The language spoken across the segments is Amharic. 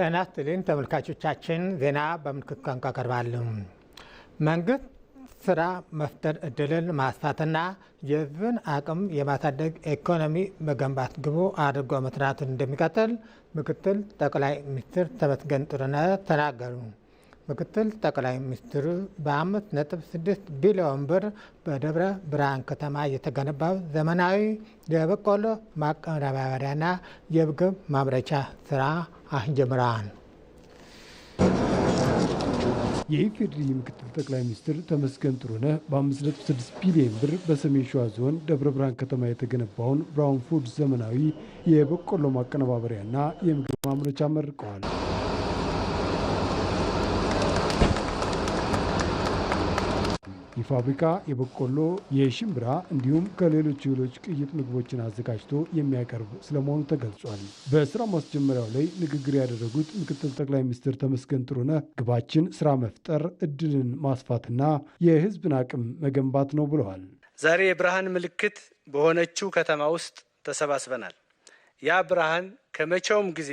ጤና ይስጥልኝ ተመልካቾቻችን፣ ዜና በምልክት ቋንቋ ቀርባል። መንግስት ስራ መፍጠር እድልን ማስፋትና የህዝብን አቅም የማሳደግ ኢኮኖሚ መገንባት ግቡ አድርጎ መስራቱን እንደሚቀጥል ምክትል ጠቅላይ ሚኒስትር ተመስገን ጥሩነህ ተናገሩ። ምክትል ጠቅላይ ሚኒስትሩ በአምስት ነጥብ ስድስት ቢሊዮን ብር በደብረ ብርሃን ከተማ የተገነባው ዘመናዊ የበቆሎ ማቀነባበሪያና የምግብ ማምረቻ ስራ አጀምረዋል። የኢፌዴሪ ምክትል ጠቅላይ ሚኒስትር ተመስገን ጥሩነህ በአምስት ነጥብ ስድስት ቢሊዮን ብር በሰሜን ሸዋ ዞን ደብረ ብርሃን ከተማ የተገነባውን ብራውን ፉድ ዘመናዊ የበቆሎ ማቀነባበሪያና የምግብ ማምረቻ መርቀዋል። የፋብሪካ የበቆሎ፣ የሽምብራ እንዲሁም ከሌሎች እህሎች ቅይጥ ምግቦችን አዘጋጅቶ የሚያቀርብ ስለመሆኑ ተገልጿል። በስራ ማስጀመሪያው ላይ ንግግር ያደረጉት ምክትል ጠቅላይ ሚኒስትር ተመስገን ጥሩነህ ግባችን ስራ መፍጠር፣ እድልን ማስፋትና የህዝብን አቅም መገንባት ነው ብለዋል። ዛሬ የብርሃን ምልክት በሆነችው ከተማ ውስጥ ተሰባስበናል። ያ ብርሃን ከመቼውም ጊዜ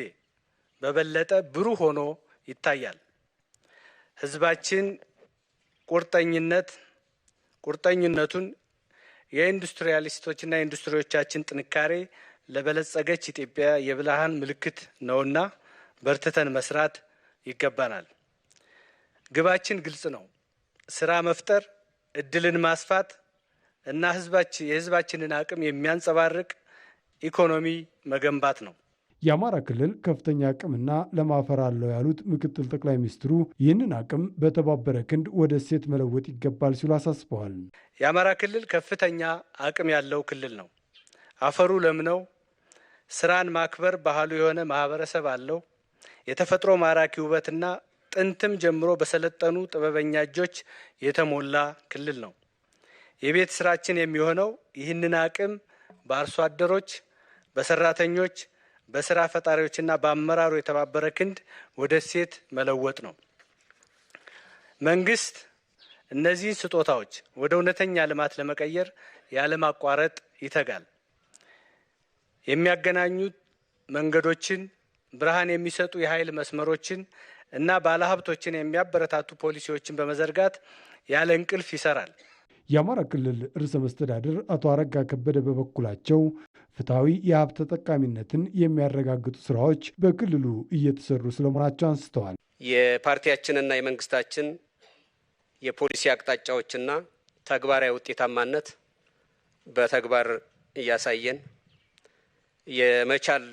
በበለጠ ብሩህ ሆኖ ይታያል። ህዝባችን ቁርጠኝነት ቁርጠኝነቱን የኢንዱስትሪያሊስቶችና የኢንዱስትሪዎቻችን ጥንካሬ ለበለጸገች ኢትዮጵያ የብልሃን ምልክት ነውና በርትተን መስራት ይገባናል። ግባችን ግልጽ ነው። ስራ መፍጠር፣ እድልን ማስፋት እና የህዝባችንን አቅም የሚያንጸባርቅ ኢኮኖሚ መገንባት ነው። የአማራ ክልል ከፍተኛ አቅምና ለማፈር አለው ያሉት ምክትል ጠቅላይ ሚኒስትሩ ይህንን አቅም በተባበረ ክንድ ወደ እሴት መለወጥ ይገባል ሲሉ አሳስበዋል። የአማራ ክልል ከፍተኛ አቅም ያለው ክልል ነው። አፈሩ ለምነው፣ ስራን ማክበር ባህሉ የሆነ ማህበረሰብ አለው። የተፈጥሮ ማራኪ ውበትና ጥንትም ጀምሮ በሰለጠኑ ጥበበኛ እጆች የተሞላ ክልል ነው። የቤት ስራችን የሚሆነው ይህንን አቅም በአርሶ አደሮች፣ በሰራተኞች በስራ ፈጣሪዎችና በአመራሩ የተባበረ ክንድ ወደ ሴት መለወጥ ነው። መንግስት እነዚህን ስጦታዎች ወደ እውነተኛ ልማት ለመቀየር ያለማቋረጥ ይተጋል። የሚያገናኙት መንገዶችን፣ ብርሃን የሚሰጡ የኃይል መስመሮችን እና ባለሀብቶችን የሚያበረታቱ ፖሊሲዎችን በመዘርጋት ያለ እንቅልፍ ይሰራል። የአማራ ክልል ርዕሰ መስተዳድር አቶ አረጋ ከበደ በበኩላቸው ፍትሐዊ የሀብት ተጠቃሚነትን የሚያረጋግጡ ስራዎች በክልሉ እየተሰሩ ስለመሆናቸው አንስተዋል። የፓርቲያችንና የመንግስታችን የፖሊሲ አቅጣጫዎችና ተግባራዊ ውጤታማነት በተግባር እያሳየን የመቻል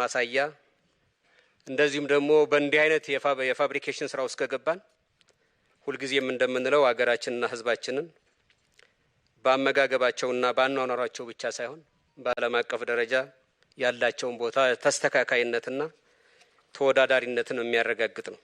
ማሳያ እንደዚሁም ደግሞ በእንዲህ አይነት የፋብሪኬሽን ስራ ውስጥ ከገባን ሁልጊዜም እንደምንለው ሀገራችንና ህዝባችንን በአመጋገባቸውና በአኗኗሯቸው ብቻ ሳይሆን በዓለም አቀፍ ደረጃ ያላቸውን ቦታ ተስተካካይነትና ተወዳዳሪነትን የሚያረጋግጥ ነው።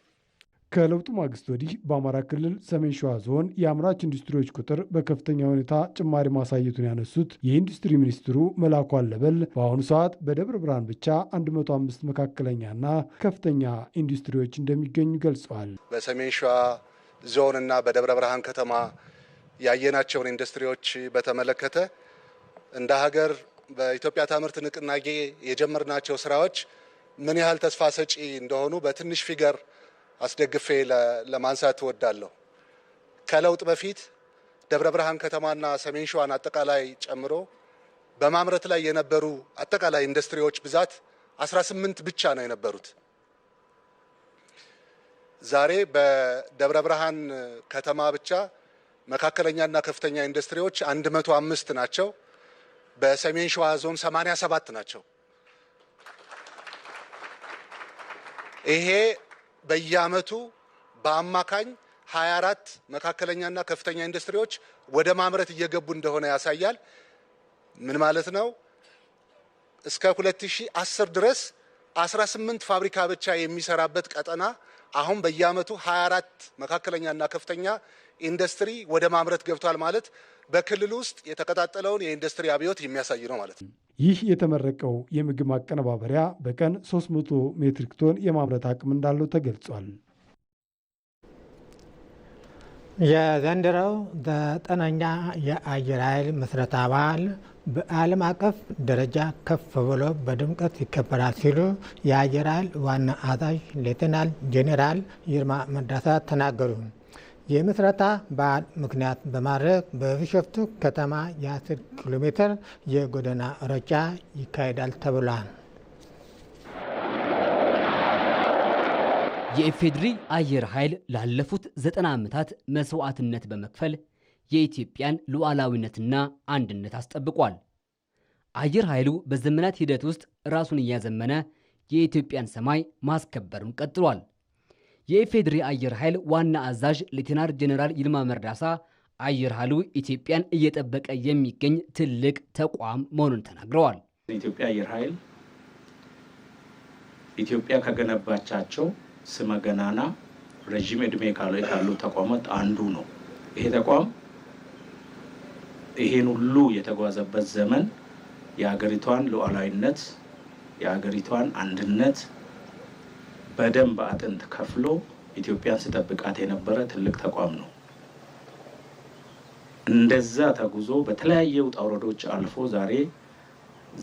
ከለውጡ ማግስት ወዲህ በአማራ ክልል ሰሜን ሸዋ ዞን የአምራች ኢንዱስትሪዎች ቁጥር በከፍተኛ ሁኔታ ጭማሪ ማሳየቱን ያነሱት የኢንዱስትሪ ሚኒስትሩ መላኩ አለበል በአሁኑ ሰዓት በደብረ ብርሃን ብቻ 105 መካከለኛና ከፍተኛ ኢንዱስትሪዎች እንደሚገኙ ገልጸዋል። በሰሜን ሸዋ ዞን እና በደብረ ብርሃን ከተማ ያየናቸውን ኢንዱስትሪዎች በተመለከተ እንደ ሀገር በኢትዮጵያ ታምርት ንቅናቄ የጀመርናቸው ስራዎች ምን ያህል ተስፋ ሰጪ እንደሆኑ በትንሽ ፊገር አስደግፌ ለማንሳት ትወዳለሁ። ከለውጥ በፊት ደብረ ብርሃን ከተማና ሰሜን ሸዋን አጠቃላይ ጨምሮ በማምረት ላይ የነበሩ አጠቃላይ ኢንዱስትሪዎች ብዛት 18 ብቻ ነው የነበሩት። ዛሬ በደብረ ብርሃን ከተማ ብቻ መካከለኛና ከፍተኛ ኢንዱስትሪዎች 105 ናቸው። በሰሜን ሸዋ ዞን 87 ናቸው። ይሄ በየአመቱ በአማካኝ 24 መካከለኛና ከፍተኛ ኢንዱስትሪዎች ወደ ማምረት እየገቡ እንደሆነ ያሳያል። ምን ማለት ነው? እስከ 2010 ድረስ 18 ፋብሪካ ብቻ የሚሰራበት ቀጠና አሁን በየአመቱ 24 መካከለኛና ከፍተኛ ኢንዱስትሪ ወደ ማምረት ገብቷል ማለት በክልል ውስጥ የተቀጣጠለውን የኢንዱስትሪ አብዮት የሚያሳይ ነው ማለት ነው። ይህ የተመረቀው የምግብ ማቀነባበሪያ በቀን 300 ሜትሪክ ቶን የማምረት አቅም እንዳለው ተገልጿል። የዘንድሮው ዘጠነኛ የአየር ኃይል ምስረታ በዓል በዓለም አቀፍ ደረጃ ከፍ ብሎ በድምቀት ይከበራል ሲሉ የአየር ኃይል ዋና አዛዥ ሌተናል ጄኔራል ይርማ መዳሳ ተናገሩ። የምስረታ በዓል ምክንያት በማድረግ በቢሾፍቱ ከተማ የ10 ኪሎ ሜትር የጎዳና ሩጫ ይካሄዳል ተብሏል። የኢፌድሪ አየር ኃይል ላለፉት ዘጠና ዓመታት መስዋዕትነት በመክፈል የኢትዮጵያን ሉዓላዊነትና አንድነት አስጠብቋል። አየር ኃይሉ በዘመናት ሂደት ውስጥ ራሱን እያዘመነ የኢትዮጵያን ሰማይ ማስከበሩን ቀጥሏል። የኢፌድሪ አየር ኃይል ዋና አዛዥ ሌተናር ጄኔራል ይልማ መርዳሳ አየር ኃይሉ ኢትዮጵያን እየጠበቀ የሚገኝ ትልቅ ተቋም መሆኑን ተናግረዋል። ኢትዮጵያ አየር ኃይል ኢትዮጵያ ከገነባቻቸው ስመገናና ረዥም ዕድሜ ካሉ ተቋማት አንዱ ነው። ይሄ ተቋም ይሄን ሁሉ የተጓዘበት ዘመን የሀገሪቷን ሉዓላዊነት የሀገሪቷን አንድነት በደንብ አጥንት ከፍሎ ኢትዮጵያን ስጠብቃት የነበረ ትልቅ ተቋም ነው። እንደዛ ተጉዞ በተለያየ ውጣ ውረዶች አልፎ ዛሬ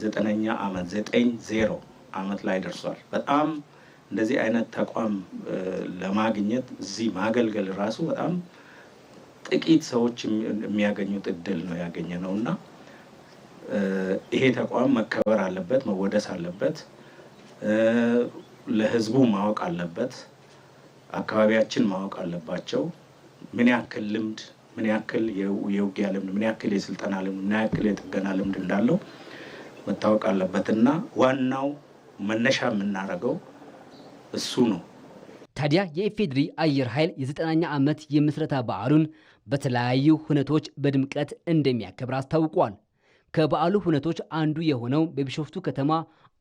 ዘጠነኛ አመት ዘጠኝ ዜሮ አመት ላይ ደርሷል። በጣም እንደዚህ አይነት ተቋም ለማግኘት እዚህ ማገልገል ራሱ በጣም ጥቂት ሰዎች የሚያገኙት እድል ነው ያገኘ ነው እና ይሄ ተቋም መከበር አለበት፣ መወደስ አለበት። ለህዝቡ ማወቅ አለበት፣ አካባቢያችን ማወቅ አለባቸው። ምን ያክል ልምድ ምን ያክል የውጊያ ልምድ ምን ያክል የስልጠና ልምድ ምን ያክል የጥገና ልምድ እንዳለው መታወቅ አለበት እና ዋናው መነሻ የምናደርገው እሱ ነው። ታዲያ የኢፌድሪ አየር ኃይል የዘጠናኛ ዓመት የምስረታ በዓሉን በተለያዩ ሁነቶች በድምቀት እንደሚያከብር አስታውቋል። ከበዓሉ ሁነቶች አንዱ የሆነው በቢሾፍቱ ከተማ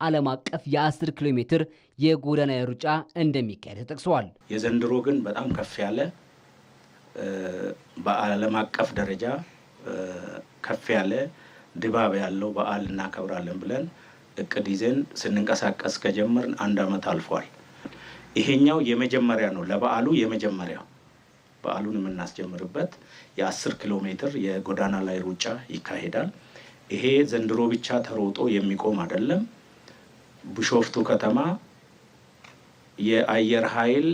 ዓለም አቀፍ የ10 ኪሎ ሜትር የጎዳና ሩጫ እንደሚካሄድ ተጠቅሰዋል። የዘንድሮ ግን በጣም ከፍ ያለ በዓለም አቀፍ ደረጃ ከፍ ያለ ድባብ ያለው በዓል እናከብራለን ብለን እቅድ ይዘን ስንንቀሳቀስ ከጀመርን አንድ ዓመት አልፏል። ይሄኛው የመጀመሪያ ነው፣ ለበዓሉ የመጀመሪያው በዓሉን የምናስጀምርበት የአስር ኪሎ ሜትር የጎዳና ላይ ሩጫ ይካሄዳል። ይሄ ዘንድሮ ብቻ ተሮጦ የሚቆም አይደለም። ቢሾፍቱ ከተማ የአየር ኃይል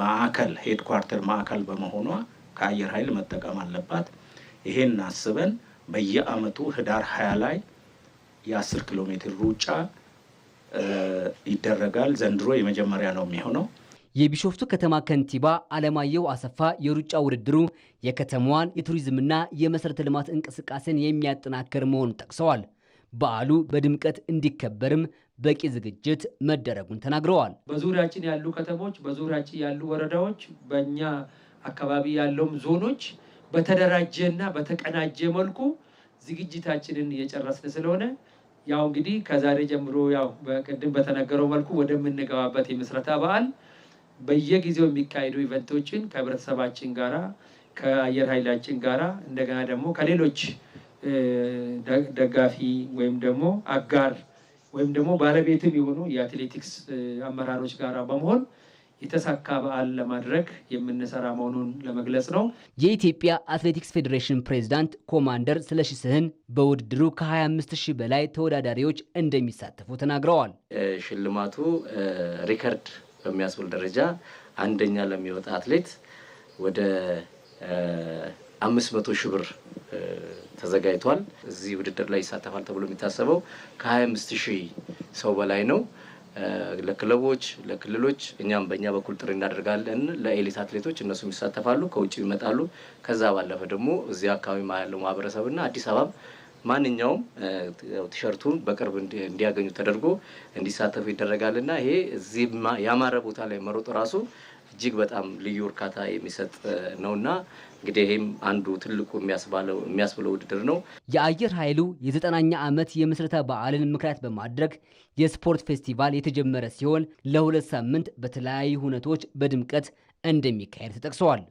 ማዕከል ሄድኳርተር ማዕከል በመሆኗ ከአየር ኃይል መጠቀም አለባት። ይሄን አስበን በየአመቱ ህዳር ሀያ ላይ የአስር ኪሎ ሜትር ሩጫ ይደረጋል። ዘንድሮ የመጀመሪያ ነው የሚሆነው። የቢሾፍቱ ከተማ ከንቲባ አለማየሁ አሰፋ የሩጫ ውድድሩ የከተማዋን የቱሪዝምና የመሰረተ ልማት እንቅስቃሴን የሚያጠናክር መሆኑን ጠቅሰዋል። በዓሉ በድምቀት እንዲከበርም በቂ ዝግጅት መደረጉን ተናግረዋል። በዙሪያችን ያሉ ከተሞች፣ በዙሪያችን ያሉ ወረዳዎች፣ በእኛ አካባቢ ያለውም ዞኖች በተደራጀና በተቀናጀ መልኩ ዝግጅታችንን እየጨረስን ስለሆነ ያው እንግዲህ ከዛሬ ጀምሮ ያው በቅድም በተነገረው መልኩ ወደምንገባበት የምስረታ በዓል በየጊዜው የሚካሄዱ ኢቨንቶችን ከህብረተሰባችን ጋራ ከአየር ኃይላችን ጋራ እንደገና ደግሞ ከሌሎች ደጋፊ ወይም ደግሞ አጋር ወይም ደግሞ ባለቤትም የሆኑ የአትሌቲክስ አመራሮች ጋር በመሆን የተሳካ በዓል ለማድረግ የምንሰራ መሆኑን ለመግለጽ ነው። የኢትዮጵያ አትሌቲክስ ፌዴሬሽን ፕሬዝዳንት ኮማንደር ስለሺ ስህን በውድድሩ ከ25 ሺህ በላይ ተወዳዳሪዎች እንደሚሳተፉ ተናግረዋል። ሽልማቱ ሪከርድ በሚያስብል ደረጃ አንደኛ ለሚወጣ አትሌት ወደ 500 ሺህ ብር ተዘጋጅቷል። እዚህ ውድድር ላይ ይሳተፋል ተብሎ የሚታሰበው ከ25 ሺህ ሰው በላይ ነው። ለክለቦች፣ ለክልሎች እኛም በእኛ በኩል ጥሪ እናደርጋለን። ለኤሊት አትሌቶች እነሱም ይሳተፋሉ፣ ከውጭ ይመጣሉ። ከዛ ባለፈ ደግሞ እዚህ አካባቢ ያለው ማህበረሰብና አዲስ አበባ ማንኛውም ቲሸርቱን በቅርብ እንዲያገኙ ተደርጎ እንዲሳተፉ ይደረጋልና ይሄ እዚህ ያማረ ቦታ ላይ መሮጥ ራሱ እጅግ በጣም ልዩ እርካታ የሚሰጥ ነውና እንግዲህ ይህም አንዱ ትልቁ የሚያስብለው ውድድር ነው። የአየር ኃይሉ የዘጠናኛ ዓመት የምስረታ በዓልን ምክንያት በማድረግ የስፖርት ፌስቲቫል የተጀመረ ሲሆን ለሁለት ሳምንት በተለያዩ ሁነቶች በድምቀት እንደሚካሄድ ተጠቅሰዋል።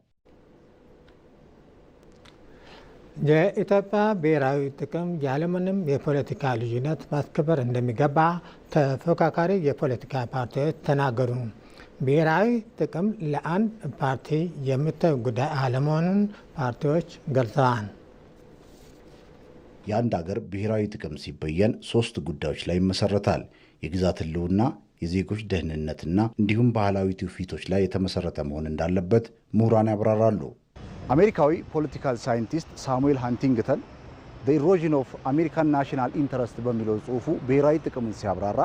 የኢትዮጵያ ብሔራዊ ጥቅም ያለምንም የፖለቲካ ልዩነት ማስከበር እንደሚገባ ተፎካካሪ የፖለቲካ ፓርቲዎች ተናገሩ። ብሔራዊ ጥቅም ለአንድ ፓርቲ የሚታይ ጉዳይ አለመሆኑን ፓርቲዎች ገልጸዋል። የአንድ አገር ብሔራዊ ጥቅም ሲበየን ሶስት ጉዳዮች ላይ ይመሰረታል። የግዛት ህልውና፣ የዜጎች ደህንነትና እንዲሁም ባህላዊ ትውፊቶች ላይ የተመሰረተ መሆን እንዳለበት ምሁራን ያብራራሉ። አሜሪካዊ ፖለቲካል ሳይንቲስት ሳሙኤል ሃንቲንግተን ዘ ኢሮዥን ኦፍ አሜሪካን ናሽናል ኢንተረስት በሚለው ጽሑፉ ብሔራዊ ጥቅምን ሲያብራራ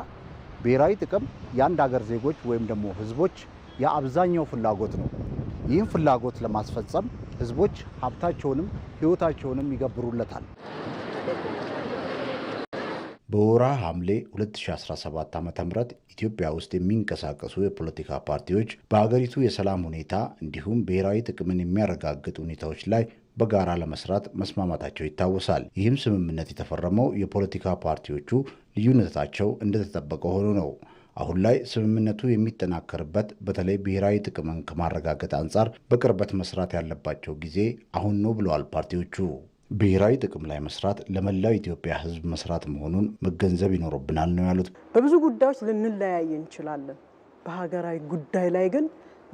ብሔራዊ ጥቅም የአንድ ሀገር ዜጎች ወይም ደግሞ ህዝቦች የአብዛኛው ፍላጎት ነው። ይህም ፍላጎት ለማስፈጸም ህዝቦች ሀብታቸውንም ህይወታቸውንም ይገብሩለታል። በወራ ሐምሌ 2017 ዓ ም ኢትዮጵያ ውስጥ የሚንቀሳቀሱ የፖለቲካ ፓርቲዎች በአገሪቱ የሰላም ሁኔታ እንዲሁም ብሔራዊ ጥቅምን የሚያረጋግጥ ሁኔታዎች ላይ በጋራ ለመስራት መስማማታቸው ይታወሳል። ይህም ስምምነት የተፈረመው የፖለቲካ ፓርቲዎቹ ልዩነታቸው እንደተጠበቀ ሆኖ ነው። አሁን ላይ ስምምነቱ የሚጠናከርበት በተለይ ብሔራዊ ጥቅምን ከማረጋገጥ አንጻር በቅርበት መስራት ያለባቸው ጊዜ አሁን ነው ብለዋል ፓርቲዎቹ። ብሔራዊ ጥቅም ላይ መስራት ለመላው ኢትዮጵያ ሕዝብ መስራት መሆኑን መገንዘብ ይኖርብናል ነው ያሉት። በብዙ ጉዳዮች ልንለያይ እንችላለን። በሀገራዊ ጉዳይ ላይ ግን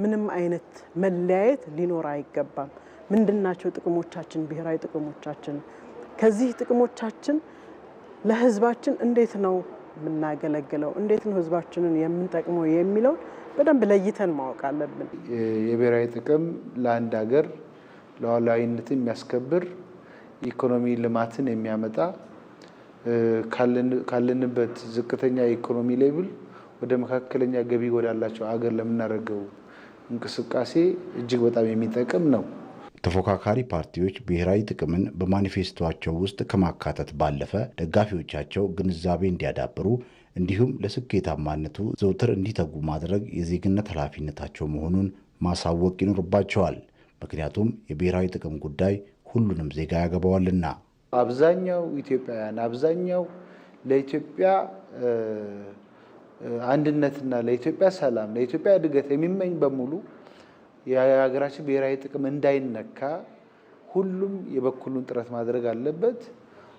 ምንም አይነት መለያየት ሊኖር አይገባም። ምንድናቸው ጥቅሞቻችን፣ ብሔራዊ ጥቅሞቻችን፣ ከዚህ ጥቅሞቻችን ለህዝባችን እንዴት ነው የምናገለግለው፣ እንዴት ነው ህዝባችንን የምንጠቅመው የሚለውን በደንብ ለይተን ማወቅ አለብን። የብሔራዊ ጥቅም ለአንድ ሀገር ሉዓላዊነትን የሚያስከብር ኢኮኖሚ ልማትን የሚያመጣ ካለንበት ዝቅተኛ የኢኮኖሚ ሌብል ወደ መካከለኛ ገቢ ወዳላቸው አገር ለምናደርገው እንቅስቃሴ እጅግ በጣም የሚጠቅም ነው። ተፎካካሪ ፓርቲዎች ብሔራዊ ጥቅምን በማኒፌስቶቸው ውስጥ ከማካተት ባለፈ ደጋፊዎቻቸው ግንዛቤ እንዲያዳብሩ እንዲሁም ለስኬታማነቱ ዘውትር እንዲተጉ ማድረግ የዜግነት ኃላፊነታቸው መሆኑን ማሳወቅ ይኖርባቸዋል። ምክንያቱም የብሔራዊ ጥቅም ጉዳይ ሁሉንም ዜጋ ያገባዋልና። አብዛኛው ኢትዮጵያውያን አብዛኛው ለኢትዮጵያ አንድነትና ለኢትዮጵያ ሰላም ለኢትዮጵያ እድገት የሚመኝ በሙሉ የሀገራችን ብሔራዊ ጥቅም እንዳይነካ ሁሉም የበኩሉን ጥረት ማድረግ አለበት።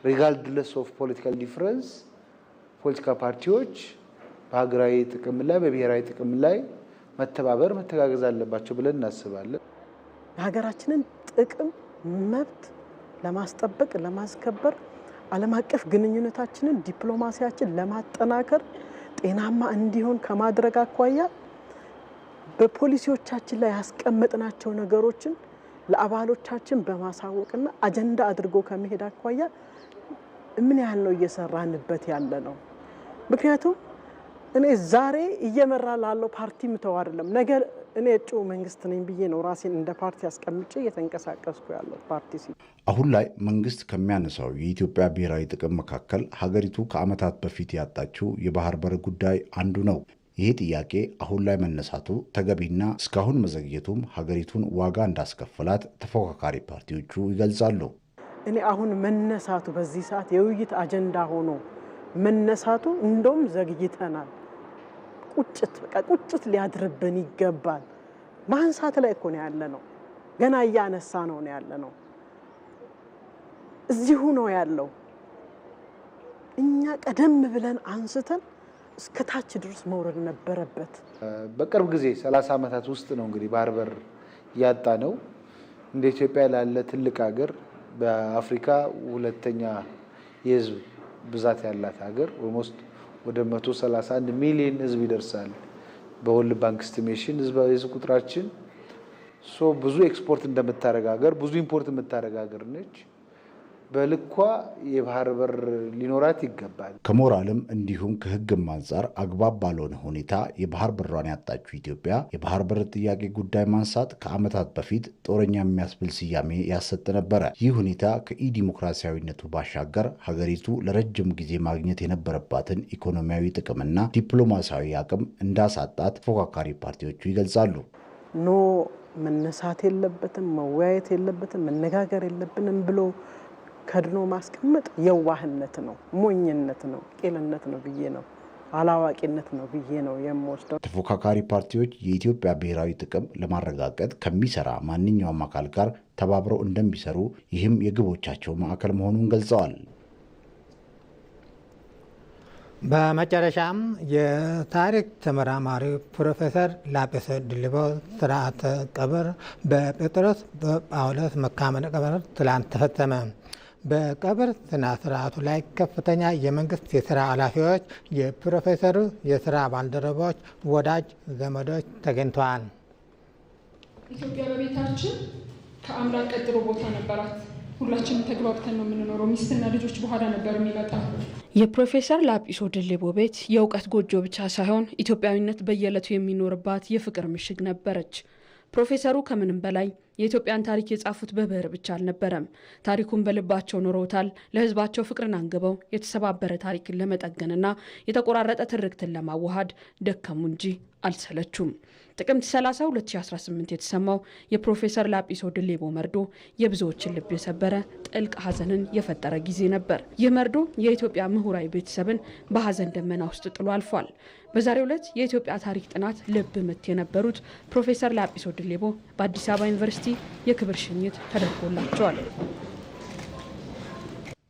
ሪጋርድለስ ኦፍ ፖለቲካል ዲፍረንስ ፖለቲካ ፓርቲዎች በሀገራዊ ጥቅም ላይ በብሔራዊ ጥቅም ላይ መተባበር፣ መተጋገዝ አለባቸው ብለን እናስባለን። የሀገራችንን ጥቅም መብት ለማስጠበቅ ለማስከበር ዓለም አቀፍ ግንኙነታችንን ዲፕሎማሲያችን ለማጠናከር ጤናማ እንዲሆን ከማድረግ አኳያ በፖሊሲዎቻችን ላይ ያስቀመጥናቸው ነገሮችን ለአባሎቻችን በማሳወቅና አጀንዳ አድርጎ ከመሄድ አኳያ ምን ያህል ነው እየሰራንበት ያለ ነው? ምክንያቱም እኔ ዛሬ እየመራ ላለው ፓርቲ ምተው አይደለም ነገ እኔ እጩ መንግስት ነኝ ብዬ ነው ራሴን እንደ ፓርቲ አስቀምጬ እየተንቀሳቀስኩ ያለው ፓርቲ ሲ አሁን ላይ መንግስት ከሚያነሳው የኢትዮጵያ ብሔራዊ ጥቅም መካከል ሀገሪቱ ከዓመታት በፊት ያጣችው የባህር በር ጉዳይ አንዱ ነው። ይህ ጥያቄ አሁን ላይ መነሳቱ ተገቢና እስካሁን መዘግየቱም ሀገሪቱን ዋጋ እንዳስከፍላት ተፎካካሪ ፓርቲዎቹ ይገልጻሉ። እኔ አሁን መነሳቱ በዚህ ሰዓት የውይይት አጀንዳ ሆኖ መነሳቱ እንደውም ዘግይተናል። ቁጭት በቃ ቁጭት ሊያድርብን ይገባል። ማንሳት ላይ እኮ ነው ያለ ነው። ገና እያነሳ ነው ነው ያለ ነው። እዚሁ ነው ያለው። እኛ ቀደም ብለን አንስተን እስከ ታች ድረስ መውረድ ነበረበት። በቅርብ ጊዜ ሰላሳ ዓመታት ውስጥ ነው እንግዲህ ባህር በር ያጣ ነው። እንደ ኢትዮጵያ ላለ ትልቅ ሀገር በአፍሪካ ሁለተኛ የህዝብ ብዛት ያላት ሀገር ኦልሞስት ወደ 131 ሚሊዮን ህዝብ ይደርሳል። በወልድ ባንክ ስቲሜሽን ህዝብ ቁጥራችን ሶ ብዙ ኤክስፖርት እንደምታረጋገር ብዙ ኢምፖርት የምታረጋገር ነች። በልኳ የባህር በር ሊኖራት ይገባል። ከሞራልም እንዲሁም ከሕግም አንጻር አግባብ ባልሆነ ሁኔታ የባህር በሯን ያጣችው ኢትዮጵያ የባህር በር ጥያቄ ጉዳይ ማንሳት ከዓመታት በፊት ጦረኛ የሚያስብል ስያሜ ያሰጥ ነበረ። ይህ ሁኔታ ከኢዲሞክራሲያዊነቱ ባሻገር ሀገሪቱ ለረጅም ጊዜ ማግኘት የነበረባትን ኢኮኖሚያዊ ጥቅምና ዲፕሎማሲያዊ አቅም እንዳሳጣት ተፎካካሪ ፓርቲዎቹ ይገልጻሉ። ኖ መነሳት የለበትም መወያየት የለበትም መነጋገር የለብንም ብሎ ከድኖ ማስቀመጥ የዋህነት ነው፣ ሞኝነት ነው፣ ቄልነት ነው ብዬ ነው አላዋቂነት ነው ብዬ ነው የምወስደው። ተፎካካሪ ፓርቲዎች የኢትዮጵያ ብሔራዊ ጥቅም ለማረጋገጥ ከሚሰራ ማንኛውም አካል ጋር ተባብረው እንደሚሰሩ ይህም የግቦቻቸው ማዕከል መሆኑን ገልጸዋል። በመጨረሻም የታሪክ ተመራማሪ ፕሮፌሰር ላጴሰ ድልቦ ስርዓተ ቀብር በጴጥሮስ በጳውሎስ መካመነ ቀብር ትላንት ተፈጸመ። በቀብር ስነ ስርዓቱ ላይ ከፍተኛ የመንግስት የስራ ኃላፊዎች፣ የፕሮፌሰሩ የስራ ባልደረቦች፣ ወዳጅ ዘመዶች ተገኝተዋል። ኢትዮጵያ በቤታችን ከአምላክ ቀጥሎ ቦታ ነበራት። ሁላችንም ተግባብተን ነው የምንኖረው። ሚስትና ልጆች በኋላ ነበር የሚመጣ። የፕሮፌሰር ላጲሶ ድሌቦ ቤት የእውቀት ጎጆ ብቻ ሳይሆን ኢትዮጵያዊነት በየዕለቱ የሚኖርባት የፍቅር ምሽግ ነበረች። ፕሮፌሰሩ ከምንም በላይ የኢትዮጵያን ታሪክ የጻፉት በብዕር ብቻ አልነበረም። ታሪኩን በልባቸው ኖረውታል። ለሕዝባቸው ፍቅርን አንግበው የተሰባበረ ታሪክን ለመጠገንና የተቆራረጠ ትርክትን ለማዋሃድ ደከሙ እንጂ አልሰለችም። ጥቅምት 30 2018 የተሰማው የፕሮፌሰር ላጲሶ ድሌቦ መርዶ የብዙዎችን ልብ የሰበረ ጥልቅ ሐዘንን የፈጠረ ጊዜ ነበር። ይህ መርዶ የኢትዮጵያ ምሁራዊ ቤተሰብን በሐዘን ደመና ውስጥ ጥሎ አልፏል። በዛሬው ዕለት የኢትዮጵያ ታሪክ ጥናት ልብ ምት የነበሩት ፕሮፌሰር ላጲሶ ድሌቦ በአዲስ አበባ ዩኒቨርሲቲ የክብር ሽኝት ተደርጎላቸዋል።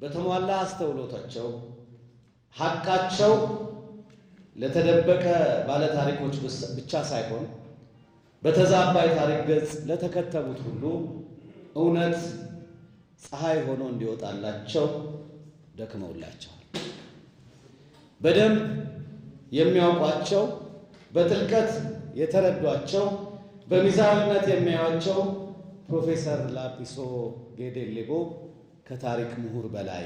በተሟላ አስተውሎታቸው ሀቃቸው ለተደበቀ ባለታሪኮች ብቻ ሳይሆን በተዛባይ የታሪክ ገጽ ለተከተቡት ሁሉ እውነት ፀሐይ ሆኖ እንዲወጣላቸው ደክመውላቸዋል። በደንብ የሚያውቋቸው፣ በጥልቀት የተረዷቸው፣ በሚዛንነት የሚያዩአቸው ፕሮፌሰር ላጲሶ ጌዴሌቦ ከታሪክ ምሁር በላይ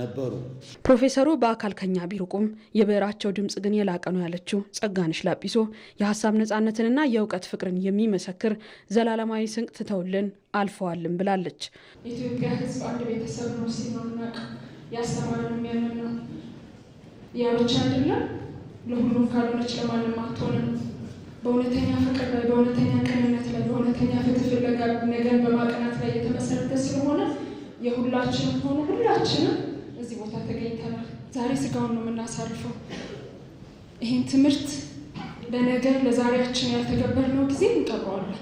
ነበሩ። ፕሮፌሰሩ በአካል ከኛ ቢርቁም የብዕራቸው ድምፅ ግን የላቀ ነው ያለችው ጸጋንሽ ላጲሶ የሀሳብ ነፃነትንና የእውቀት ፍቅርን የሚመሰክር ዘላለማዊ ስንቅ ትተውልን አልፈዋልን ብላለች። ኢትዮጵያ ሕዝብ አንድ ቤተሰብ ነው ሲኖናቅ ያስተማረን የሚያምን ነው። ያ ብቻ አይደለም፣ ለሁሉም ካልሆነች ለማንም አትሆንም። በእውነተኛ ፍቅር ላይ፣ በእውነተኛ ቅንነት ላይ፣ በእውነተኛ ፍትህ ፍለጋ ነገን በማቅናት ላይ የተመሰረተ ስለሆነ የሁላችንም ሆነ ሁላችንም እዚህ ቦታ ተገኝተናል። ዛሬ ስጋውን ነው የምናሳርፈው። ይህን ትምህርት ለነገር ለዛሬያችን ያልተገበርነው ጊዜ እንጠብረዋለን፣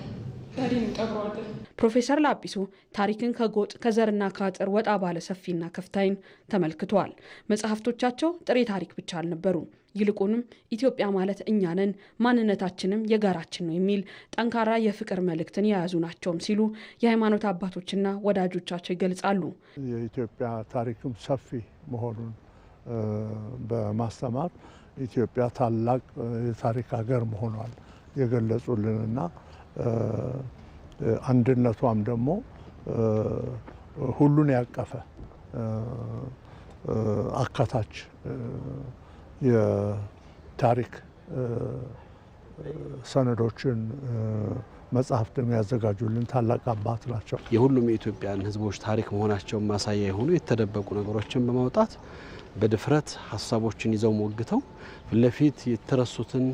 ዛሬ እንጠብረዋለን። ፕሮፌሰር ላጲሶ ታሪክን ከጎጥ ከዘርና ከአጥር ወጣ ባለ ሰፊና ከፍታይን ተመልክቷል። መጽሐፍቶቻቸው ጥሬ ታሪክ ብቻ አልነበሩም። ይልቁንም ኢትዮጵያ ማለት እኛ ነን፣ ማንነታችንም የጋራችን ነው የሚል ጠንካራ የፍቅር መልእክትን የያዙ ናቸውም ሲሉ የሃይማኖት አባቶችና ወዳጆቻቸው ይገልጻሉ። የኢትዮጵያ ታሪክም ሰፊ መሆኑን በማስተማር ኢትዮጵያ ታላቅ የታሪክ ሀገር መሆኗል የገለጹልንና አንድነቷም ደግሞ ሁሉን ያቀፈ አካታች የታሪክ ሰነዶችን መጽሐፍትን ያዘጋጁልን ታላቅ አባት ናቸው። የሁሉም የኢትዮጵያን ሕዝቦች ታሪክ መሆናቸውን ማሳያ የሆኑ የተደበቁ ነገሮችን በማውጣት በድፍረት ሀሳቦችን ይዘው ሞግተው ፊት ለፊት የተረሱትን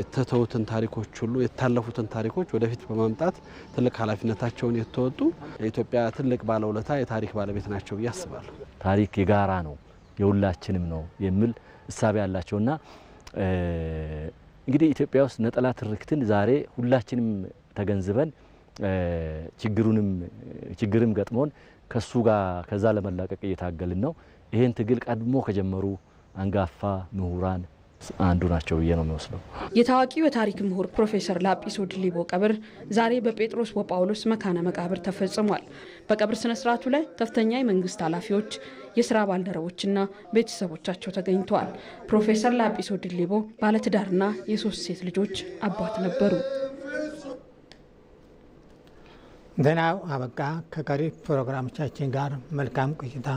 የተተውትን ታሪኮች ሁሉ የታለፉትን ታሪኮች ወደፊት በማምጣት ትልቅ ኃላፊነታቸውን የተወጡ ለኢትዮጵያ ትልቅ ባለውለታ የታሪክ ባለቤት ናቸው ብዬ አስባለሁ። ታሪክ የጋራ ነው፣ የሁላችንም ነው የሚል እሳቤ አላቸውና እንግዲህ ኢትዮጵያ ውስጥ ነጠላ ትርክትን ዛሬ ሁላችንም ተገንዝበን ችግሩንም ችግርም ገጥሞን ከሱ ጋር ከዛ ለመላቀቅ እየታገልን ነው። ይህን ትግል ቀድሞ ከጀመሩ አንጋፋ ምሁራን አንዱ ናቸው ብዬ ነው የሚወስደው። የታዋቂው የታሪክ ምሁር ፕሮፌሰር ላጲሶ ድሊቦ ቀብር ዛሬ በጴጥሮስ ወጳውሎስ መካነ መቃብር ተፈጽሟል። በቀብር ስነ ስርዓቱ ላይ ከፍተኛ የመንግስት ኃላፊዎች፣ የስራ ባልደረቦችና ቤተሰቦቻቸው ተገኝተዋል። ፕሮፌሰር ላጲሶ ድሊቦ ባለትዳርና የሶስት ሴት ልጆች አባት ነበሩ። ዜናው አበቃ። ከቀሪ ፕሮግራሞቻችን ጋር መልካም ቆይታ